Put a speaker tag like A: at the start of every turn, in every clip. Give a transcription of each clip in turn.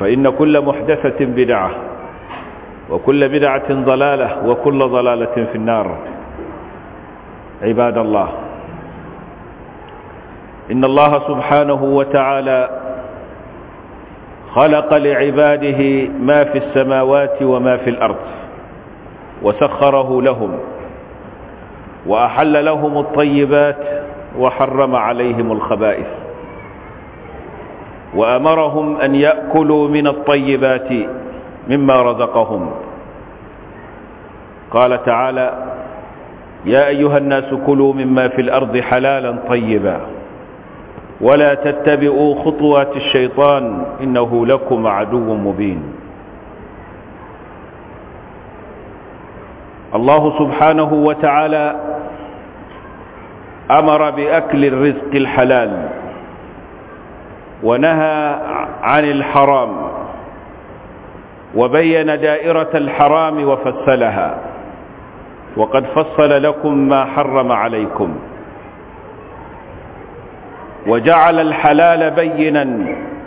A: فإن كل محدثة بدعة وكل بدعة ضلالة وكل ضلالة في النار عباد الله إن الله سبحانه وتعالى خلق لعباده ما في السماوات وما في الأرض وسخره لهم وأحل لهم الطيبات وحرم عليهم الخبائث وأمرهم أن يأكلوا من الطيبات مما رزقهم قال تعالى يا أيها الناس كلوا مما في الأرض حلالا طيبا ولا تتبعوا خطوات الشيطان إنه لكم عدو مبين الله سبحانه وتعالى أمر بأكل الرزق الحلال ونهى عن الحرام وبين دائرة الحرام وفسلها وقد فصل لكم ما حرم عليكم وجعل الحلال بينا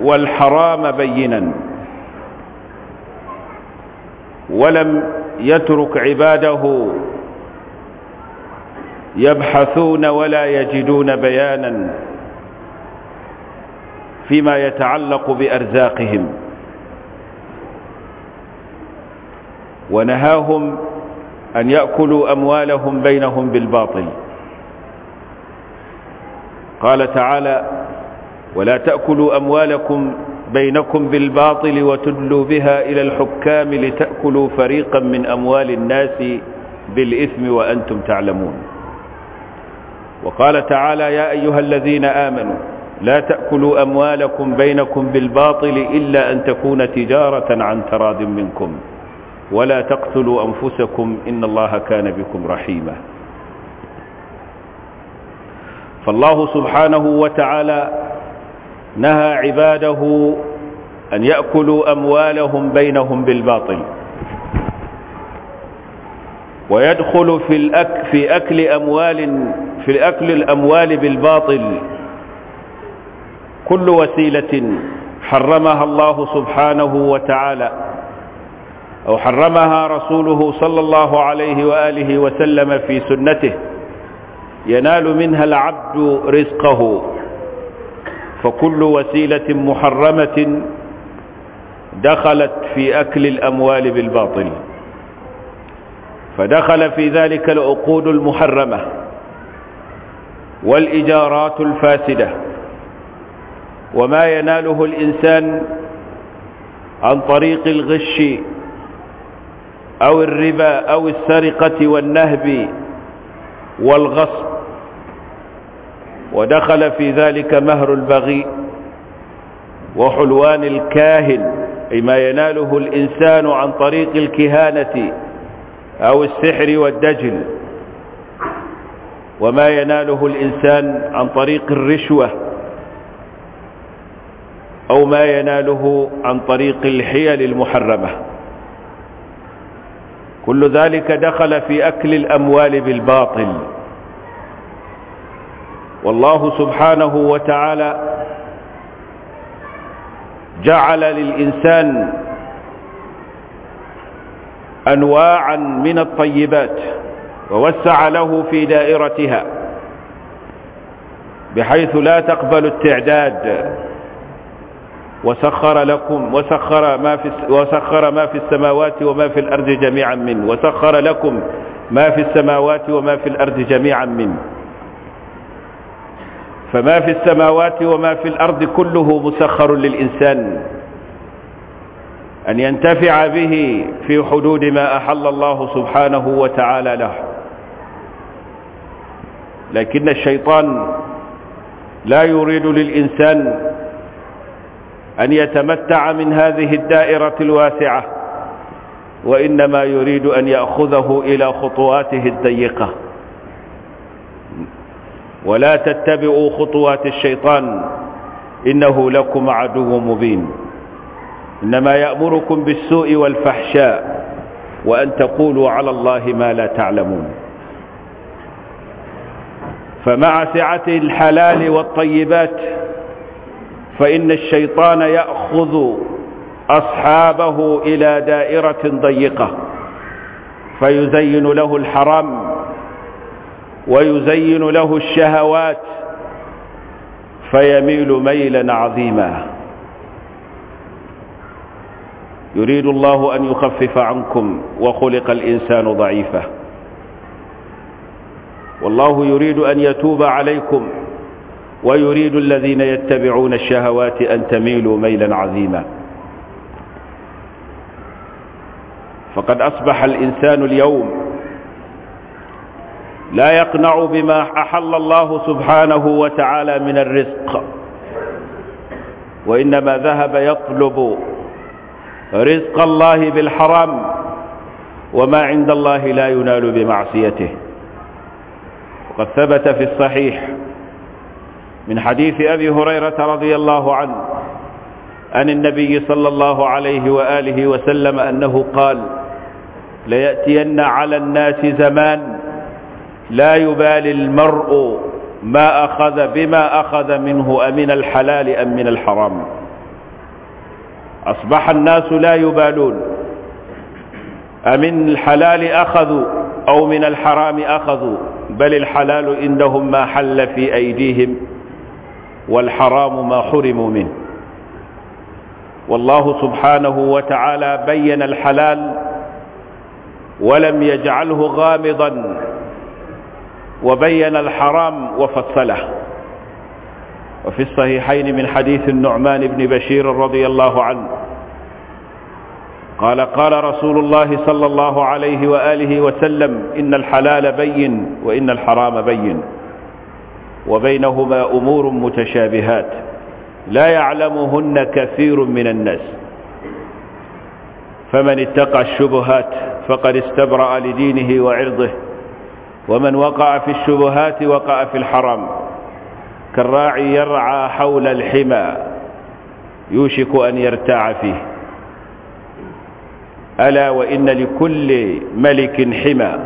A: والحرام بينا ولم يترك عباده يبحثون ولا يجدون بيانا فيما يتعلق بأرزاقهم ونهاهم أن يأكلوا أموالهم بينهم بالباطل قال تعالى ولا تأكلوا أموالكم بينكم بالباطل وتدلوا بها إلى الحكام لتأكلوا فريقا من أموال الناس بالإثم وأنتم تعلمون وقال تعالى يا أيها الذين آمنوا لا تأكلوا أموالكم بينكم بالباطل إلا أن تكون تجارة عن تراد منكم ولا تقتلوا أنفسكم إن الله كان بكم رحيما فالله سبحانه وتعالى نهى عباده أن يأكلوا أموالهم بينهم بالباطل ويدخل في, الأك في أكل أموال في أكل الأموال بالباطل كل وسيلة حرمها الله سبحانه وتعالى أو حرمها رسوله صلى الله عليه وآله وسلم في سنته ينال منها العبد رزقه فكل وسيلة محرمة دخلت في أكل الأموال بالباطل فدخل في ذلك العقود المحرمة والإجارات الفاسدة وما يناله الإنسان عن طريق الغش أو الربا أو السرقة والنهب والغصب ودخل في ذلك مهر البغي وحلوان الكاهن أي ما يناله الإنسان عن طريق الكهانة أو السحر والدجل وما يناله الإنسان عن طريق الرشوة أو ما يناله عن طريق الحيل المحرمة كل ذلك دخل في أكل الأموال بالباطل والله سبحانه وتعالى جعل للإنسان أنواعا من الطيبات ووسع له في دائرتها بحيث لا تقبل التعداد وسخر لكم وسخر ما في وسخر ما في السماوات وما في الأرض جميعا من وسخر لكم ما في السماوات وما في الأرض جميعا من فما في السماوات وما في الأرض كله مسخر للإنسان أن ينتفع به في حدود ما أحل الله سبحانه وتعالى له لكن الشيطان لا يريد للإنسان أن يتمتع من هذه الدائرة الواسعة وإنما يريد أن يأخذه إلى خطواته الضيقة ولا تتبعوا خطوات الشيطان إنه لكم عدو مبين إنما يأمركم بالسوء والفحشاء وأن تقولوا على الله ما لا تعلمون فمع سعة الحلال والطيبات فإن الشيطان يأخذ أصحابه إلى دائرة ضيقة فيزين له الحرام ويزين له الشهوات فيميل ميلا عظيما يريد الله أن يخفف عنكم وخلق الإنسان ضعيفا والله يريد أن يتوب عليكم ويريد الذين يتبعون الشهوات أن تميلوا ميلا عظيما فقد أصبح الإنسان اليوم لا يقنع بما أحل الله سبحانه وتعالى من الرزق وإنما ذهب يطلب رزق الله بالحرام وما عند الله لا ينال بمعصيته وقد ثبت في الصحيح من حديث أبي هريرة رضي الله عنه عن النبي صلى الله عليه وآله وسلم أنه قال ليأتين على الناس زمان لا يبالي المرء ما أخذ بما أخذ منه أمن الحلال أم من الحرام أصبح الناس لا يبالون أمن الحلال أخذوا أو من الحرام أخذوا بل الحلال إنهم ما حل في أيديهم والحرام ما حرموا منه والله سبحانه وتعالى بين الحلال ولم يجعله غامضا وبين الحرام وفصله وفي الصحيحين من حديث النعمان بن بشير رضي الله عنه قال قال رسول الله صلى الله عليه وآله وسلم إن الحلال بين وإن الحرام بين وبينهما أمور متشابهات لا يعلمهن كثير من الناس فمن اتقى الشبهات فقد استبرأ لدينه وعرضه ومن وقع في الشبهات وقع في الحرام كالراعي يرعى حول الحمى يوشك أن يرتاع فيه ألا وإن لكل ملك حمى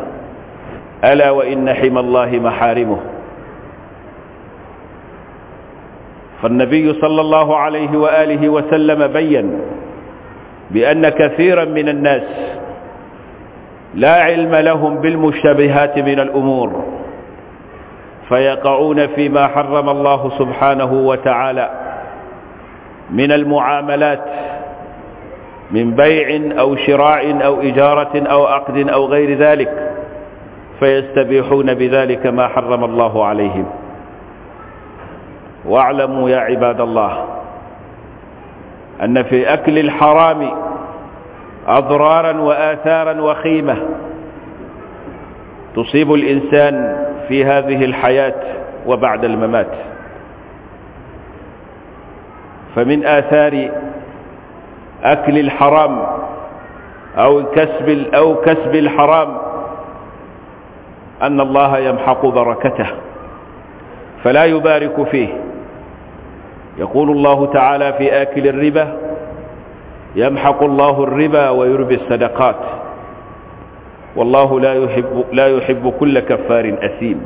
A: ألا وإن حمى الله محارمه فالنبي صلى الله عليه وآله وسلم بين بأن كثيرا من الناس لا علم لهم بالمشتبهات من الأمور فيقعون فيما حرم الله سبحانه وتعالى من المعاملات من بيع أو شراع أو إجارة أو عقد أو غير ذلك فيستبيحون بذلك ما حرم الله عليهم واعلموا يا عباد الله أن في أكل الحرام أضرارا وآثارا وخيمة تصيب الإنسان في هذه الحياة وبعد الممات فمن آثار أكل الحرام أو كسب, أو كسب الحرام أن الله يمحق بركته فلا يبارك فيه يقول الله تعالى في آكل الربا يمحق الله الربا ويربي الصدقات والله لا يحب, لا يحب كل كفار أثيم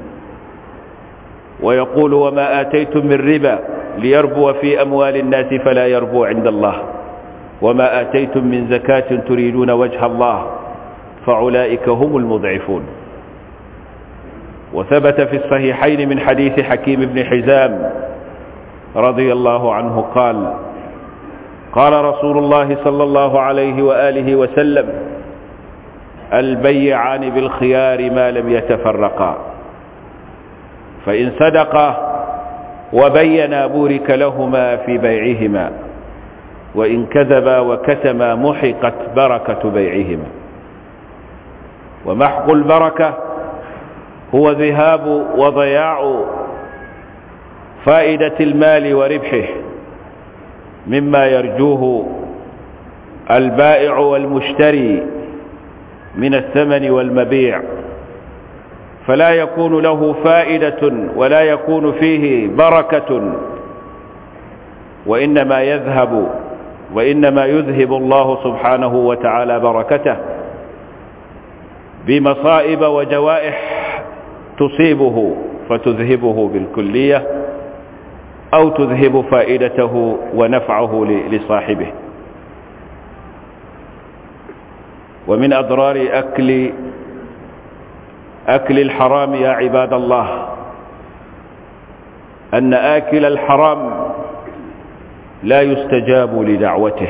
A: ويقول وما آتيتم من ربا ليربو في أموال الناس فلا يربو عند الله وما آتيتم من زكاة تريدون وجه الله فأولئك هم المضعفون وثبت في الصحيحين من حديث حكيم بن حزام رضي الله عنه قال قال رسول الله صلى الله عليه وآله وسلم البيعان بالخيار ما لم يتفرقا فإن صدقا وبينا بورك لهما في بيعهما وإن كذبا وكتما محقت بركة بيعهما ومحق البركة هو ذهاب وضياع فائدة المال وربحه مما يرجوه البائع والمشتري من الثمن والمبيع فلا يكون له فائدة ولا يكون فيه بركة وإنما يذهب وإنما يذهب الله سبحانه وتعالى بركته بمصائب وجوائح تصيبه فتذهبه بالكلية أو تذهب فائدته ونفعه لصاحبه ومن أضرار أكل أكل الحرام يا عباد الله أن آكل الحرام لا يستجاب لدعوته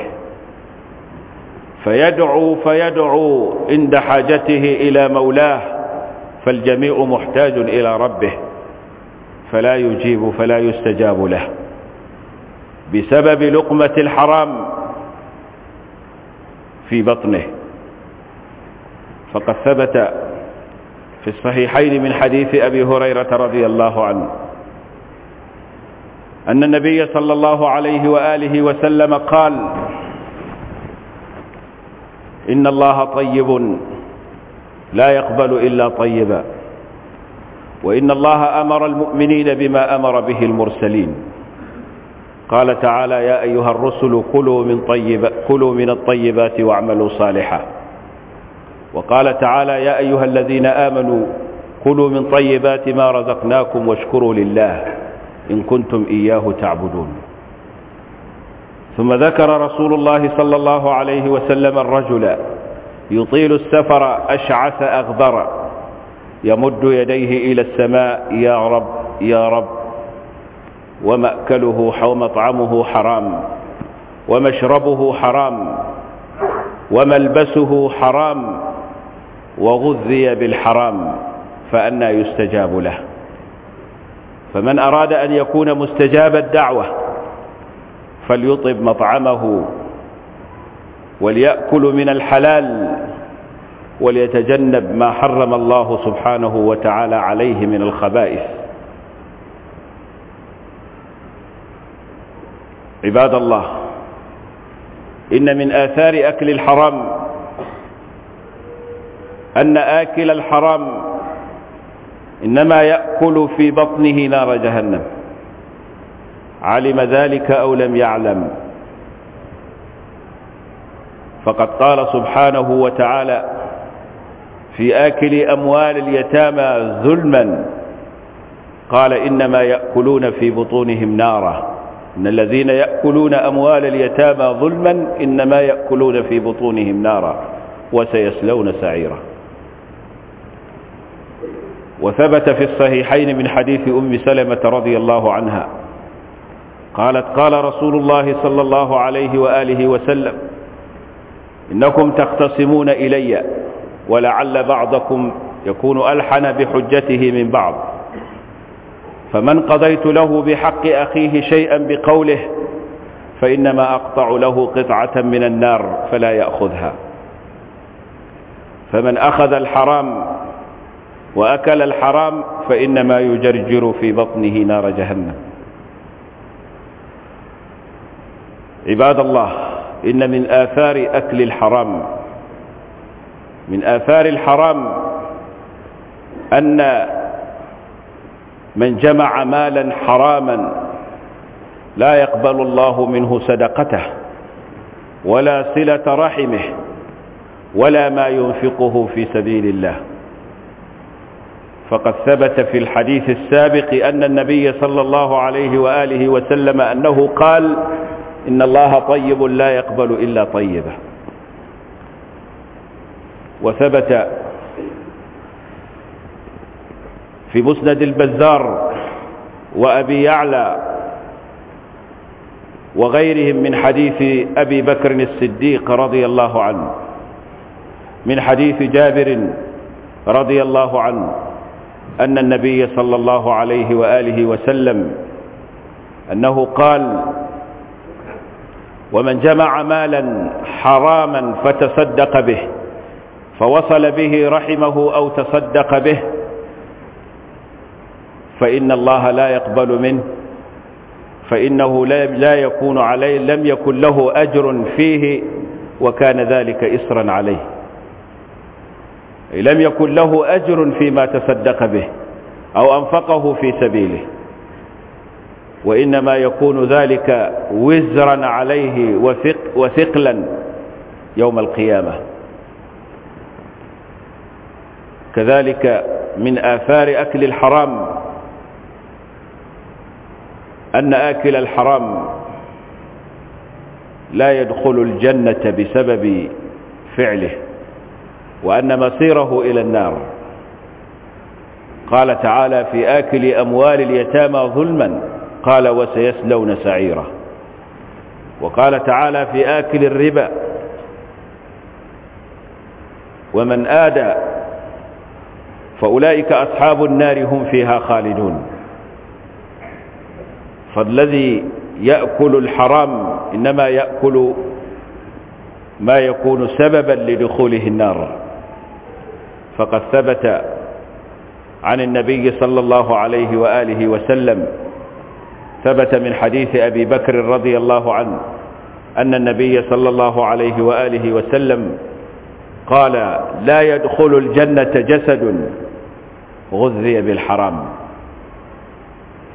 A: فيدعو فيدعو عند حاجته إلى مولاه فالجميع محتاج إلى ربه فلا يجيب فلا يستجاب له بسبب لقمة الحرام في بطنه فقد ثبت في الصحيحين من حديث أبي هريرة رضي الله عنه أن النبي صلى الله عليه وآله وسلم قال إن الله طيب لا يقبل إلا طيبا وإن الله أمر المؤمنين بما أمر به المرسلين قال تعالى يا أيها الرسل كلوا من, طيب كلوا من الطيبات واعملوا صالحا وقال تعالى يا أيها الذين آمنوا كلوا من طيبات ما رزقناكم واشكروا لله إن كنتم إياه تعبدون ثم ذكر رسول الله صلى الله عليه وسلم الرجل يطيل السفر أشعث أغبر يمد يديه إلى السماء يا رب يا رب ومأكله ومطعمه حرام ومشربه حرام وملبسه حرام وغذي بالحرام فأنا يستجاب له فمن أراد أن يكون مستجاب الدعوة فليطب مطعمه وليأكل من الحلال وليتجنب ما حرم الله سبحانه وتعالى عليه من الخبائث عباد الله إن من آثار أكل الحرام أن آكل الحرام إنما يأكل في بطنه نار جهنم علم ذلك أو لم يعلم فقد قال سبحانه وتعالى في آكل أموال اليتامى ظلما قال إنما يأكلون في بطونهم نارا إن الذين يأكلون أموال اليتامى ظلما إنما يأكلون في بطونهم نارا وسيسلون سعيرا وثبت في الصحيحين من حديث أم سلمة رضي الله عنها قالت قال رسول الله صلى الله عليه وآله وسلم إنكم تختصمون إليّ ولعل بعضكم يكون ألحن بحجته من بعض فمن قضيت له بحق أخيه شيئا بقوله فإنما أقطع له قطعة من النار فلا يأخذها فمن أخذ الحرام وأكل الحرام فإنما يجرجر في بطنه نار جهنم عباد الله إن من آثار أكل الحرام من آثار الحرام أن من جمع مالا حراما لا يقبل الله منه صدقته ولا صلة رحمه ولا ما ينفقه في سبيل الله فقد ثبت في الحديث السابق أن النبي صلى الله عليه وآله وسلم أنه قال إن الله طيب لا يقبل إلا طيبه وثبت في مسند البزار وأبي يعلى وغيرهم من حديث أبي بكر الصديق رضي الله عنه من حديث جابر رضي الله عنه أن النبي صلى الله عليه وآله وسلم أنه قال ومن جمع مالا حراما فتصدق به فوصل به رحمه أو تصدق به فإن الله لا يقبل منه فإنه لا يكون عليه لم يكن له أجر فيه وكان ذلك إسرا عليه لم يكن له أجر فيما تصدق به أو أنفقه في سبيله وإنما يكون ذلك وزرا عليه وثقلا يوم القيامة كذلك من آثار أكل الحرام أن آكل الحرام لا يدخل الجنة بسبب فعله وأن مصيره إلى النار قال تعالى في آكل أموال اليتامى ظلما قال وسيسلون سعيرا وقال تعالى في آكل الربا ومن آدى فأولئك أصحاب النار هم فيها خالدون فالذي يأكل الحرام إنما يأكل ما يكون سببا لدخوله النار فقد ثبت عن النبي صلى الله عليه وآله وسلم ثبت من حديث أبي بكر رضي الله عنه أن النبي صلى الله عليه وآله وسلم قال لا يدخل الجنة جسد غذي بالحرام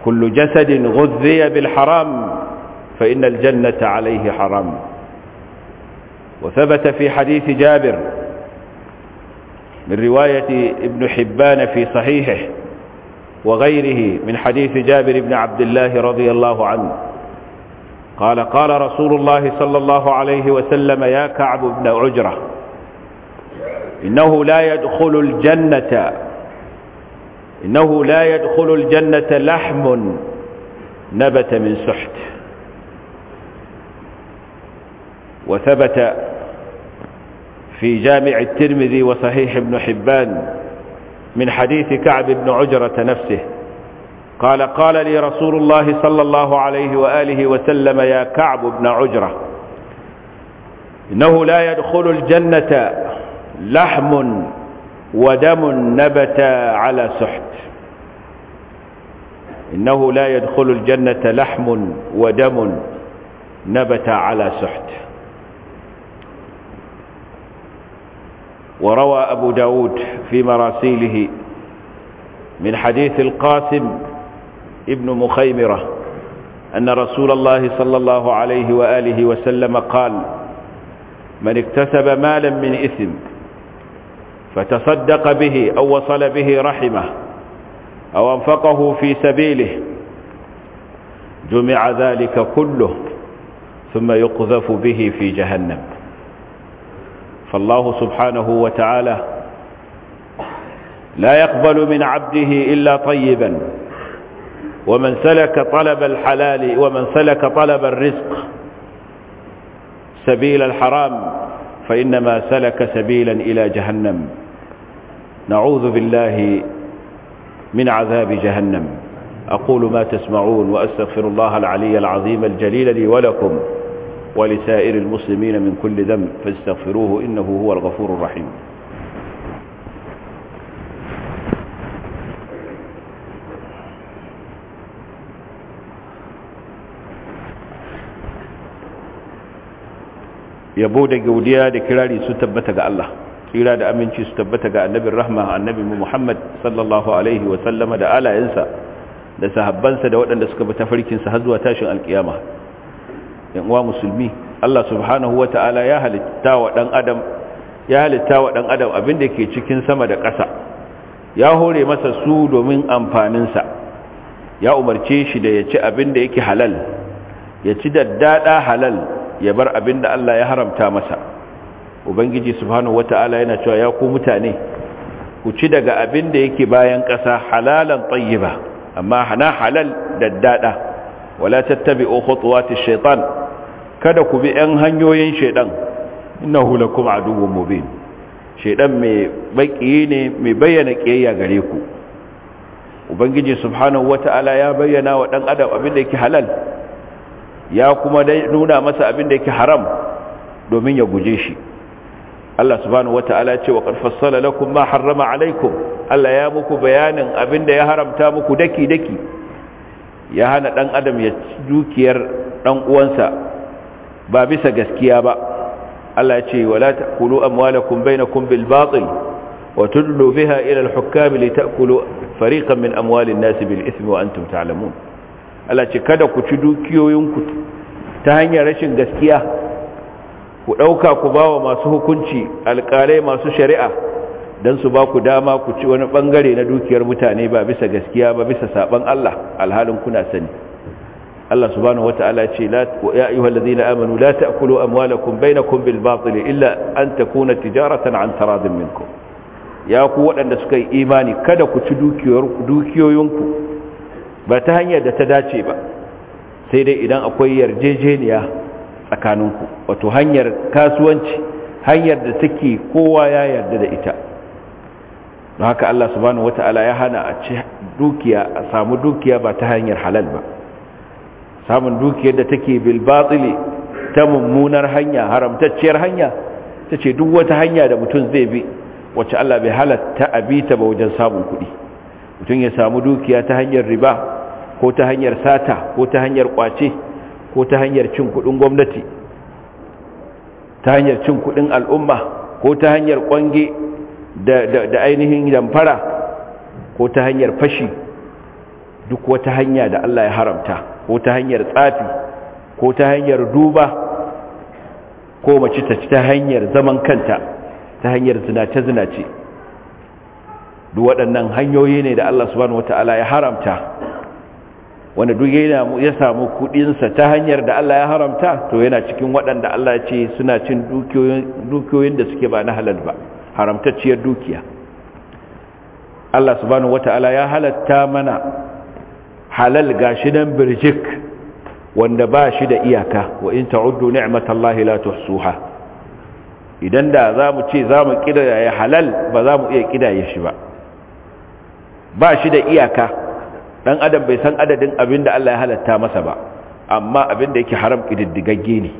A: كل جسد غذي بالحرام فإن الجنة عليه حرام وثبت في حديث جابر من رواية ابن حبان في صحيحه وغيره من حديث جابر بن عبد الله رضي الله عنه قال قال رسول الله صلى الله عليه وسلم يا كعب بن عجرة إنه لا يدخل الجنة إنه لا يدخل الجنة لحم نبت من سحت وثبت في جامع الترمذي وصحيح ابن حبان من حديث كعب بن عجرة نفسه قال قال لي رسول الله صلى الله عليه وآله وسلم يا كعب بن عجرة إنه لا يدخل الجنة لحم ودم نبت على سحت إنه لا يدخل الجنة لحم ودم نبت على سحت وروى أبو داود في مراسيله من حديث القاسم ابن مخيمرة أن رسول الله صلى الله عليه وآله وسلم قال من اكتسب مالا من إثم فتصدق به أو وصل به رحمه أو أنفقه في سبيله جمع ذلك كله ثم يقذف به في جهنم فالله سبحانه وتعالى لا يقبل من عبده إلا طيبا ومن سلك طلب الحلال ومن سلك طلب الرزق سبيل الحرام فإنما سلك سبيلا إلى جهنم نعوذ بالله من عذاب جهنم أقول ما تسمعون وأستغفر الله العلي العظيم الجليل لي ولكم ولسائر المسلمين من كل ذنب فاستغفروه إنه هو الغفور الرحيم yabo da gaudiya da ستبتك الله tsira da aminci su tabbata ga annabin rahma annabi muhammad sallallahu alaihi wa sallama da alayensa da sahabbansa da waɗanda suka bi farkinsa, har zuwa tashin alkiyama yan uwa musulmi allah subhanahu wa ta'ala ya halitta wa ɗan adam ya halitta wa ɗan adam abin da ke cikin sama da ƙasa ya hore masa su domin amfaninsa ya umarce shi da ya ci abin da yake halal ya ci daddada halal ya bar abin da allah ya haramta masa ubangiji subhanahu wata'ala yana cewa ya ku mutane ku ci daga abin da yake bayan ƙasa halalan tayyiba amma hana halal daddada wala tattabi'u khutuwati shaitan kada ku bi 'yan hanyoyin shaitan innahu lakum aduwwun mubin shaitan mai baki ne mai bayyana kiyayya gare ku ubangiji subhanahu wata'ala ya bayyana wa dan adam abin da yake halal ya kuma nuna masa abin da yake haram domin ya guje shi Allah subhanahu wata'ala ya ce wa qarfassala lakum ma harrama alaikum Allah ya muku bayanin abinda ya haramta muku daki daki ya hana dan adam ya ci dukiyar dan uwansa ba bisa gaskiya ba Allah ya ce wala ta'kulu amwalakum bainakum bil batil wa tudlu biha ila al hukam li ta'kulu fariqan min amwalin nas bil ithmi wa antum ta'lamun Allah ce kada ku ci dukiyoyinku ta hanyar rashin gaskiya ku ɗauka ku ba wa masu hukunci alƙalai masu shari'a don su ba ku dama ku ci wani ɓangare na dukiyar mutane ba bisa gaskiya ba bisa saɓan Allah alhalin kuna sani Allah subhanahu wata'ala ce ya ayyuhal na amanu la ta'kulu amwalakum bainakum bil batil illa an kuna tijaratan an taradin minkum ya ku waɗanda suka yi imani kada ku ci dukiyoyinku ba ta hanyar da ta dace ba sai dai idan akwai yarjejeniya tsakaninku wato hanyar kasuwanci hanyar da take kowa ya yarda da ita don haka Allah subhanahu wata'ala ya hana a ci dukiya a samu dukiya ba ta hanyar halal ba samun dukiyar da take bil batili ta mummunar hanya haramtacciyar hanya ta ce duk wata hanya da mutum zai bi wacce Allah bai halatta abita ba wajen samun kuɗi mutum ya samu dukiya ta hanyar riba ko ta hanyar sata ko ta hanyar kwace ko ta hanyar cin kudin gwamnati ta hanyar cin kudin al'umma ko ta hanyar kwange da ainihin damfara ko ta hanyar fashi duk wata hanya da Allah ya haramta ko ta hanyar tsafi ko ta hanyar duba ko mace ta ci ta hanyar zaman kanta ta hanyar zinace-zinace duk waɗannan hanyoyi ne da Allah subhanahu ta'ala ya haramta wanda duk ya samu kudinsa ta hanyar da Allah ya haramta to yana cikin waɗanda Allah ce suna cin dukiyoyin da suke ba na halal ba haramtacciyar dukiya Allah subhanahu wata'ala ya halatta mana halal gashi nan birjik wanda ba shi da iyaka wa in ta'uddu ni'matallahi la tuhsuha idan da zamu ce zamu kidaya halal ba zamu iya kidaye shi ba ba shi da iyaka dan adam bai san adadin abin da Allah ya halatta masa ba amma abin da yake haram kididdigagge ne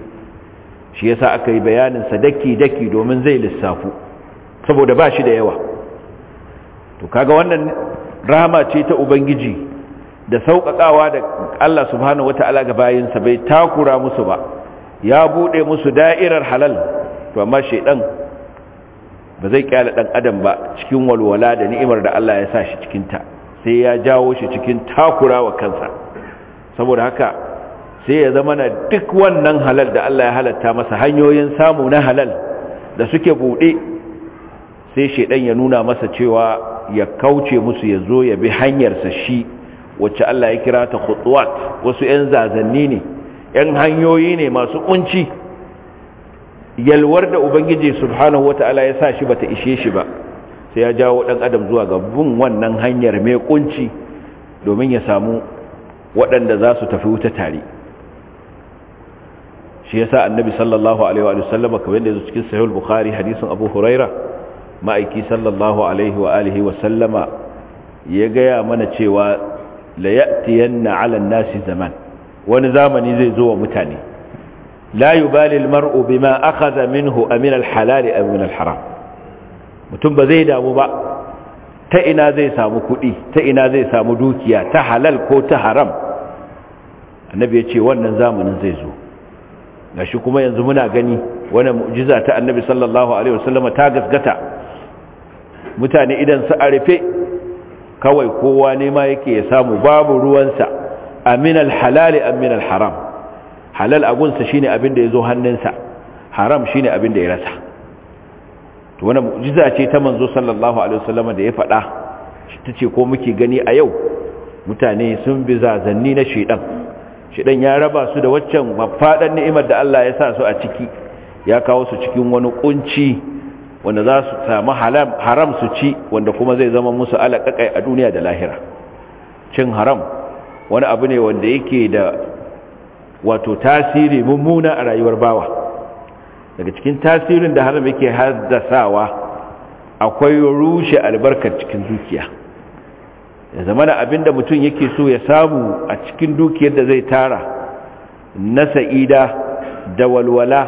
A: shi yasa aka yi bayanin sadaki daki domin zai lissafu saboda ba shi da yawa to kaga wannan rahama ce ta ubangiji da sauƙaƙawa da Allah subhanahu wata'ala ga bayinsa bai takura musu ba ya bude musu da'irar halal to amma shedan ba zai kyale dan adam ba cikin walwala da ni'imar da Allah ya sa shi cikin ta sai ya jawo shi cikin takura wa kansa saboda haka sai ya zama na duk wannan halal da Allah ya halatta masa hanyoyin samu na halal da suke buɗe sai shaidan ya nuna masa cewa ya kauce musu ya zo ya bi hanyarsa shi wacce Allah ya kira ta khutuwat wasu 'yan zazanni ne 'yan hanyoyi ne masu kunci yalwar da ubangiji subhanahu wataala ya sa shi bata ishe shi ba sai ya jawo ɗan adam zuwa ga bin wannan hanyar mai kunci domin ya samu waɗanda za su tafi wuta tare shi yasa annabi sallallahu alaihi wa sallam kamar da yazo cikin sahih bukhari hadisin abu huraira ma'aiki sallallahu alaihi wa alihi wa sallama ya gaya mana cewa la ya'tiyanna 'ala an-nasi zaman wani zamani zai zo wa mutane la yubali al-mar'u bima akhadha minhu amin al-halal am min al-haram mutum ba zai damu ba ta ina zai samu kuɗi ta ina zai samu dukiya ta halal ko ta haram annabi ya ce wannan zamanin zai zo Ga shi kuma yanzu muna gani wani mu'jiza ta annabi sallallahu alaihi wasallam ta gasgata mutane idan su arife kawai kowa ne ma yake ya samu babu ruwansa aminal halali aminal haram halal abunsa shine abin da ya zo hannunsa haram shine abin da ya rasa to wannan mu'jiza ce ta manzo sallallahu alaihi wasallam da ya faɗa tace ko muke gani a yau mutane sun bi zazanni na shedan shedan ya raba su da waccan faɗan ni'imar da Allah ya sa su a ciki ya kawo su cikin wani kunci wanda za su samu haram su ci wanda kuma zai zama musu alaƙaƙai a duniya da lahira cin haram wani abu ne wanda yake da wato tasiri mummuna a rayuwar bawa daga cikin tasirin da haram yake haddasawa akwai rushe albarkar cikin dukiya ya zama da abinda mutum yake so ya samu a cikin dukiyar da zai tara na sa'ida da walwala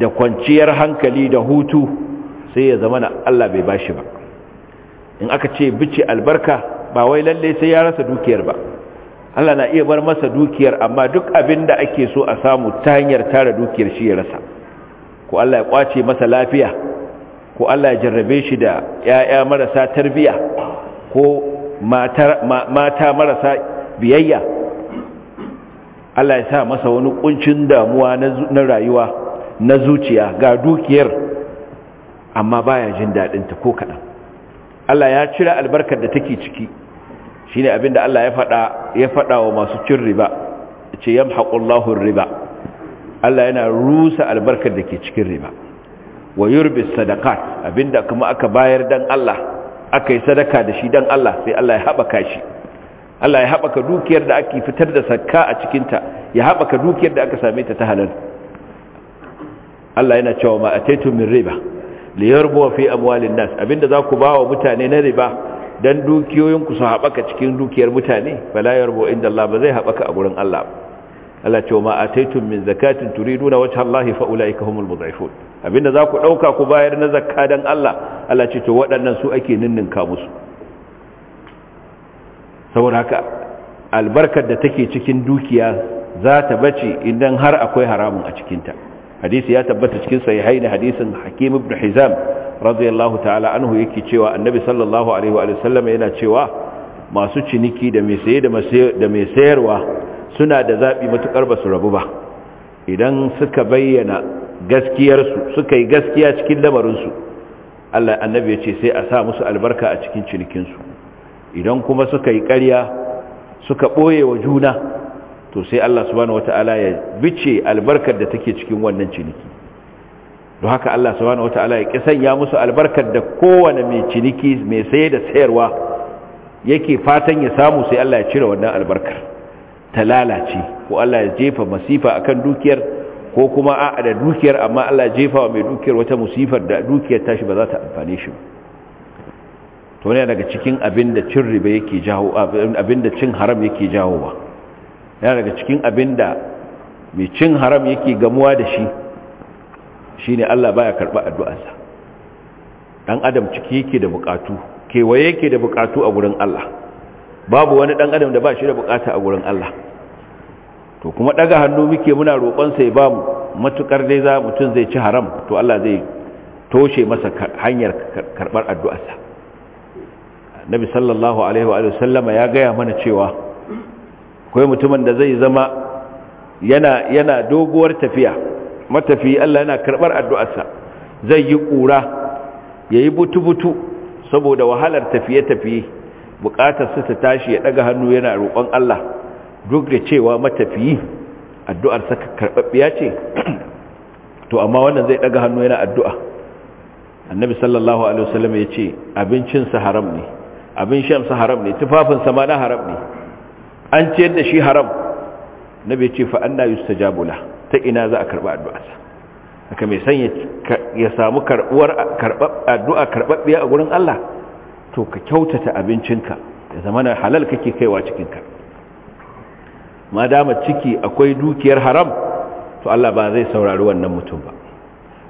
A: da kwanciyar hankali da hutu sai ya zama da Allah bai bashi ba in aka ce bice albarka ba wai lalle sai ya rasa dukiyar ba Allah na iya bar masa dukiyar amma duk abin da ake so a samu ta hanyar tara dukiyar shi ya rasa ko Allah ya kwace masa lafiya ko Allah ya jarrabe shi da 'ya'ya marasa tarbiya ko mata marasa biyayya Allah ya sa masa wani kuncin damuwa na rayuwa na zuciya ga dukiyar amma baya jin daɗinta ko kaɗan Allah ya cire albarkar da take ciki shine abinda Allah ya fada ya fada wa masu cin riba ce yamhaqullahu riba Allah yana rusa albarkar da ke cikin riba wa yurbis sadaqat abinda kuma aka bayar dan Allah aka yi sadaka da shi dan Allah sai Allah ya haɓaka shi Allah ya haɓaka dukiyar da ake fitar da sakka a cikinta ya haɓaka dukiyar da aka same ta ta halal Allah yana cewa ma ataitu min riba li yarbu fi amwalin nas abinda za ku bawa mutane na riba dan dukiyoyinku su haɓaka cikin dukiyar mutane bala yarbu inda Allah ba zai haɓaka a gurin Allah ba Allah ce wa ma ataitum min zakatin turiduna wajha Allah fa ulaika humul mudhifun abinda za ku dauka ku bayar na zakka dan Allah Allah ce to waɗannan su ake ninninka musu saboda haka albarkar da take cikin dukiya za ta bace idan har akwai haramun a cikin ta hadisi ya tabbata cikin sahihaini hadisin Hakim ibn Hizam radiyallahu ta'ala anhu yake cewa Annabi sallallahu alaihi wa sallam yana cewa masu ciniki da mai saye da mai sayarwa suna da zaɓi matuƙar ba su rabu ba idan suka bayyana gaskiyarsu suka yi gaskiya cikin lamarinsu Allah annabi ya ce sai a sa musu albarka a cikin cinikinsu idan kuma suka yi ƙarya suka ɓoye wa juna to sai Allah subhanahu wata'ala ya bice albarkar da take cikin wannan ciniki don haka Allah subhanahu wata'ala ya ya musu albarkar da kowane mai ciniki mai saye da sayarwa yake fatan ya samu sai Allah ya cire wannan albarkar ta lalace ko Allah ya jefa masifa akan dukiyar ko kuma a da dukiyar amma Allah ya jefa wa mai dukiyar wata musifar da dukiyar tashi ba za ta amfane shi to ne daga cikin abin cin riba yake jawo abin cin haram yake jawo ba ya daga cikin abin mai cin haram yake gamuwa da shi shine Allah baya karba addu'arsa dan adam ciki yake da bukatu kewaye yake da bukatu a gurin Allah babu wani dan adam da ba shi da bukata a gurin Allah to kuma daga hannu muke muna roƙon sai ba mu matukar dai za mutun zai ci haram to Allah zai toshe masa hanyar karbar addu'arsa Nabi sallallahu alaihi wa sallama ya gaya mana cewa akwai mutumin da zai zama yana yana doguwar tafiya matafi Allah yana karbar addu'arsa zai yi kura yayi butu-butu saboda wahalar tafiye-tafiye buƙatar su ta tashi ya ɗaga hannu yana roƙon Allah duk da cewa matafiyi addu'ar saka karɓaɓɓiya ce to amma wannan zai ɗaga hannu yana addu'a annabi sallallahu alaihi wasallam ya ce abincinsa haram ne abin sa haram ne tufafinsa ma na haram ne an ce da shi haram nabi ya ce fa anna yustajabu la ta ina za a karɓi sa? haka mai san ya samu karɓuwar addu'a karɓaɓɓiya a gurin Allah to ka kyautata abincinka ya zama na halal kake kaiwa cikinka ma dama ciki akwai dukiyar haram to Allah ba zai saurari wannan mutum ba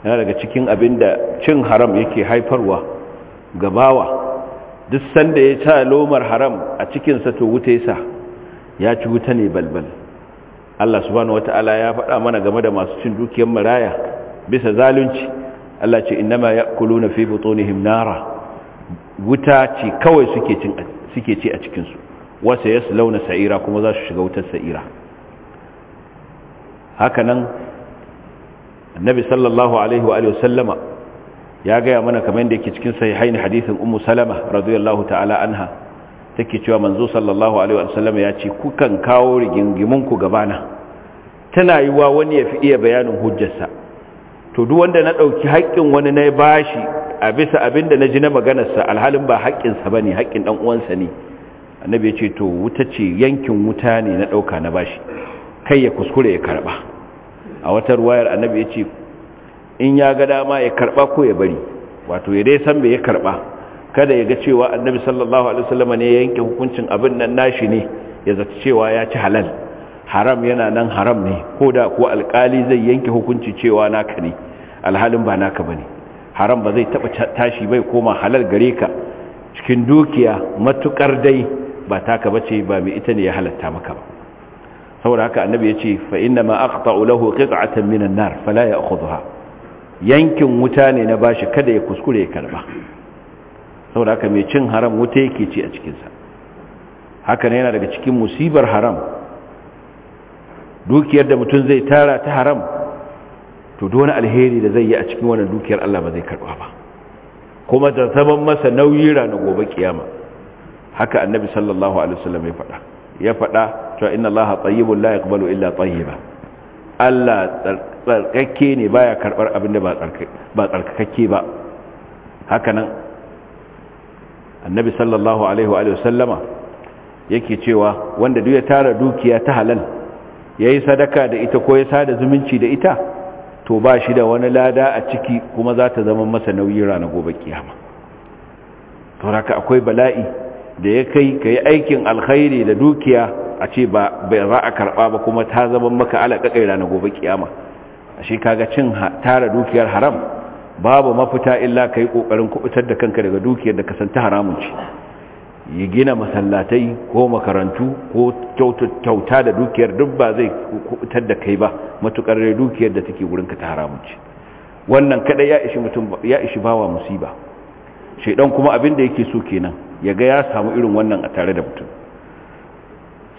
A: yana daga cikin abin da cin haram yake haifarwa ga bawa duk sanda ya ta lomar haram a cikinsa to wuta yasa ya ci wuta ne balbal Allah subhanahu wata'ala ya faɗa mana game da masu cin dukiyar maraya bisa zalunci Allah ce innama ya'kuluna fi butunihim nara wuta ce kawai suke ci a cikinsu wasa ya su launa sa'ira kuma za su shiga wutar sa'ira nan, annabi sallallahu alaihi wa sallama ya gaya mana kamar da yake cikin sahihaini hadisin ummu salama radiyallahu ta'ala anha take cewa manzo sallallahu alaihi wa sallama ya ce kukan kawo rigingimunku gabana tana yiwa wani ya fi iya bayanin hujjarsa to duk wanda na ɗauki haƙƙin wani na bashi a bisa abin da na ji na maganarsa alhalin ba haƙƙinsa ba ne haƙƙin ɗan uwansa ne annabi ya ce to wuta ce yankin wuta ne na ɗauka na bashi kai ya kuskure ya karɓa a wata ruwayar annabi ya ce in ya ga dama ya karɓa ko ya bari wato ya dai san me ya karɓa kada ya ga cewa annabi sallallahu alaihi wasallam ne ya yanke hukuncin abin nan nashi ne ya zata cewa ya ci halal haram yana nan haram ne ko da ko alkali zai yanke hukunci cewa naka ne alhalin ba naka bane haram ba zai taɓa tashi bai koma halal gare ka cikin dukiya matukar dai ba taka bace ba mai ita ne ya halatta maka ba saboda haka annabi ya ce fa inna ma aqta'u lahu qit'atan min an-nar fala ya'khudha yankin wuta ne na bashi kada ya kuskure ya karba saboda haka mai cin haram wuta yake ci a cikin sa haka ne yana daga cikin musibar haram dukiyar da mutum zai tara ta haram to duk wani alheri da zai yi a cikin wannan dukiyar Allah ba zai karba ba kuma da zaman masa nauyi ranar gobe kiyama haka annabi sallallahu alaihi wasallam ya faɗa ya faɗa cewa inna allaha tayyibun la yaqbalu illa tayyiba Allah tsarkake ne baya karbar abin da ba tsarkake ba haka nan annabi sallallahu alaihi wa sallama yake cewa wanda duk ya tara dukiya ta halal yayi sadaka da ita ko ya sada zumunci da ita to ba shi da wani lada a ciki kuma za ta zama masa nauyi ranar gobe kiyama haka akwai bala'i da ya kai ka yi aikin alkhairi da dukiya a ce ba za a karɓa ba kuma ta zama maka alaƙaƙai ranar gobe kiyama a shi kaga cin tara dukiyar haram babu mafita illa ka yi ƙoƙarin kuɓutar da kanka daga dukiyar da ka kasanta haramun ce Yi gina masallatai ko makarantu ko kyauta da dukiyar duk ba zai kubutar da kai ba matukar da dukiyar da take gurinka ta haramunci wannan kada ya ishi mutum ya ishi bawa musiba shaidan kuma abin da yake so kenan ya ga ya samu irin wannan a tare da mutum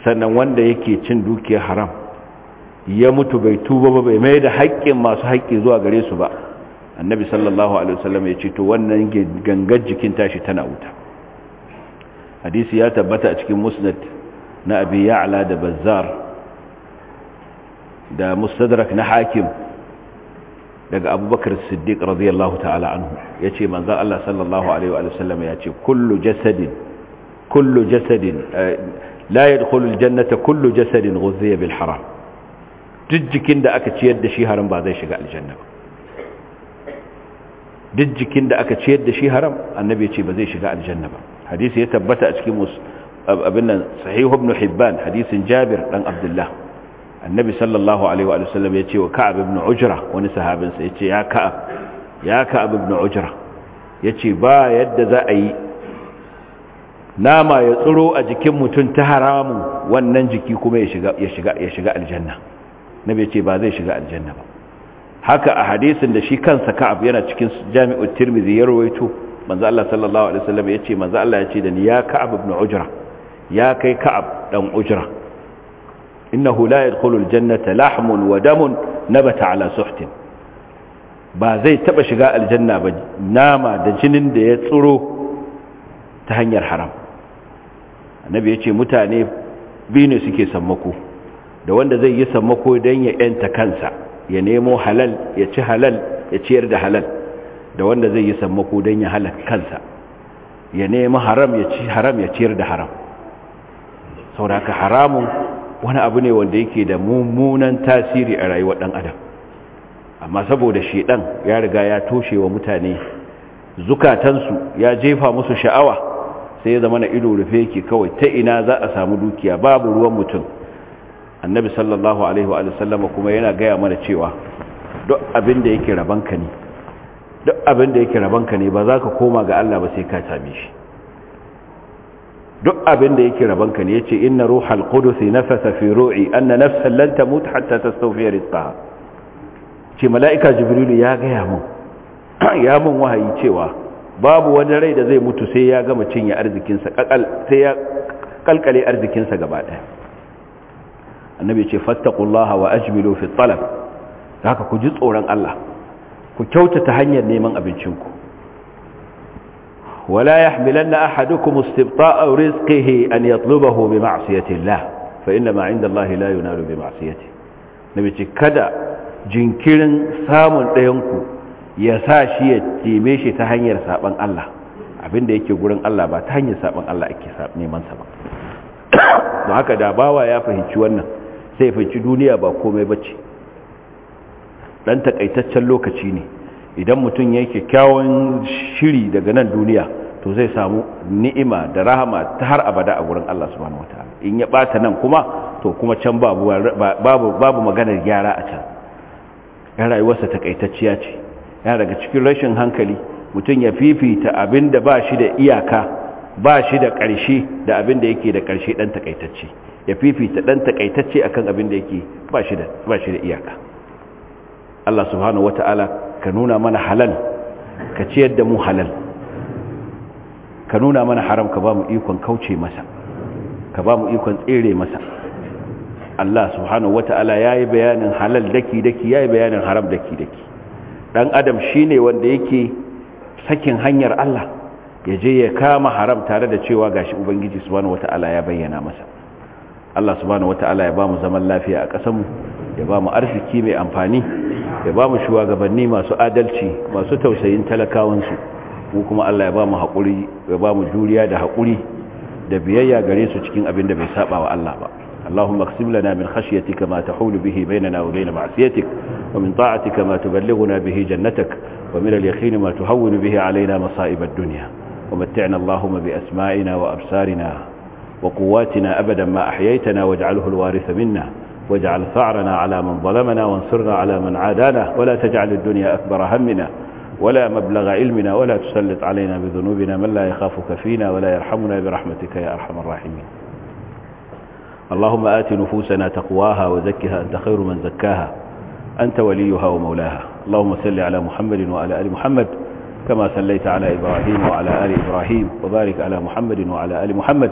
A: sannan wanda yake cin dukiyar haram ya mutu bai tuba ba bai mai da haƙƙin masu haƙƙi zuwa gare su ba annabi sallallahu alaihi wasallam ya ce to wannan gangar jikin tashi tana wuta hadisi ya tabbata a cikin musnad na abi ya'la da bazzar da mustadrak na hakim daga abubakar siddiq radiyallahu ta'ala anhu ya ce manzan Allah sallallahu alaihi wa sallam ya ce kullu jasadin kullu jasadin eh, la yadkhulu aljannata kullu jasadin ghuzziya bil haram duk jikin da aka ciyar da shi haram ba zai shiga aljanna ba duk jikin da aka ciyar da shi haram annabi ya ce ba zai shiga aljanna ba hadisi ya tabbata a cikin abin nan sahihu ibn hibban hadisin jabir dan abdullah annabi sallallahu alaihi wa sallam ya ce wa ka'ab ibn ujra wani sahabin sa yace ya ka'ab ya ka'ab ibn ujra ba yadda za a yi nama ya tsiro a jikin mutum ta haramun wannan jiki kuma ya shiga ya shiga ya shiga aljanna nabi yace ba zai shiga aljanna ba haka a hadisin da shi kansa ka'ab yana cikin jami'ut tirmidhi ya rawaito manzo Allah sallallahu alaihi wasallam yace manzo Allah yace da ni ya ka'ab ibn ujra ya kai ka'ab dan ujra innahu la yadkhulu aljannata lahmun wa damun nabata ala suhtin ba zai taba shiga aljanna ba nama da jinin da ya tsiro ta hanyar haram annabi yace mutane biyu ne suke sammako da wanda zai yi sammako dan ya yanta kansa ya nemo halal ya ci halal ya ciyar da halal da wanda zai yi sammako don ya halaka kansa ya nemi haram ya ci haram ya ciyar da haram sauraka haramun wani abu ne wanda yake da mummunan tasiri a rayuwa ɗan adam amma saboda shedan ya riga ya toshe wa mutane zukatansu ya jefa musu sha'awa sai ya zama na ido rufe yake kawai ta ina za a samu dukiya babu ruwan mutum annabi sallallahu alaihi wa sallama kuma yana gaya mana cewa duk abin da yake rabanka ne duk abin da yake rabanka ne ba za ka koma ga Allah ba sai ka same shi duk abin da yake rabanka ne yace inna ruhal qudus nafasa fi ru'i anna nafsan lan tamut hatta tastawfiya rizqaha ce mala'ika jibril ya ga ya mun ya mun wahayi cewa babu wani rai da zai mutu sai ya gama cinye arzikin sa kakal sai ya kalkale arzikin sa gaba daya annabi ce fattaqullaha wa ajmilu fi talab haka ku ji tsoron Allah ku kyautata hanyar neman abincinku wala yahmilanna ahadukum istibta'a rizqihi an yatlubahu bi ma'siyati Allah fa inna ma 'inda Allah la yunalu ce kada jinkirin samun ɗayanku ya sa shi ya temeshi shi ta hanyar saban Allah abinda yake gurin Allah ba ta hanyar saban Allah ake neman sa ba Ba haka da bawa ya fahimci wannan sai fahimci duniya ba komai bace dan takaitaccen lokaci ne idan mutum ya kyakkyawan shiri daga nan duniya to zai samu ni'ima da rahama ta har abada a gurin Allah subhanahu wataala in ya bata nan kuma to kuma can babu babu babu maganar gyara a can ya rayuwarsa takaitacciya ce ya daga cikin rashin hankali mutum ya fifita abin da ba shi da iyaka ba shi da ƙarshe da abin da yake da ƙarshe dan takaitacce ya fifita ɗan takaitacce akan abin da ba shi da iyaka Allah subhanahu wata'ala ka nuna mana halal ka ciyar da mu halal ka nuna mana haram ka ba mu ikon kauce masa ka ba mu ikon tsere masa Allah subhanahu wata'ala yayi bayanin halal daki daki yayi bayanin haram daki daki dan adam shine wanda yake sakin hanyar Allah ya je ya kama haram tare da cewa gashi ubangiji subhanahu wata'ala ya bayyana masa Allah subhanahu wata'ala ya bamu zaman lafiya a kasar mu ya bamu arziki mai amfani ya bamu shuwagabanni masu adalci masu tausayin talakawansu su mu kuma Allah ya bamu hakuri ya bamu juriya da hakuri da biyayya gare cikin abinda bai saba Allah ba Allahumma aksim lana min khashyatika ma tahulu bihi bainana wa bain ma'siyatik wa min ta'atika ma tuballighuna bihi jannatak wa min al-yaqin ma tuhawwinu bihi alaina masa'ib ad-dunya wa matti'na Allahumma bi asma'ina wa absarina وقواتنا أبدا ما أحييتنا واجعله الوارث منا واجعل ثعرنا على من ظلمنا وانصرنا على من عادانا ولا تجعل الدنيا أكبر همنا ولا مبلغ علمنا ولا تسلط علينا بذنوبنا من لا يخافك فينا ولا يرحمنا برحمتك يا أرحم الراحمين اللهم آت نفوسنا تقواها وزكها أنت خير من زكاها أنت وليها ومولاها اللهم صل على محمد وعلى آل محمد كما صليت على إبراهيم وعلى آل إبراهيم وبارك على محمد وعلى آل محمد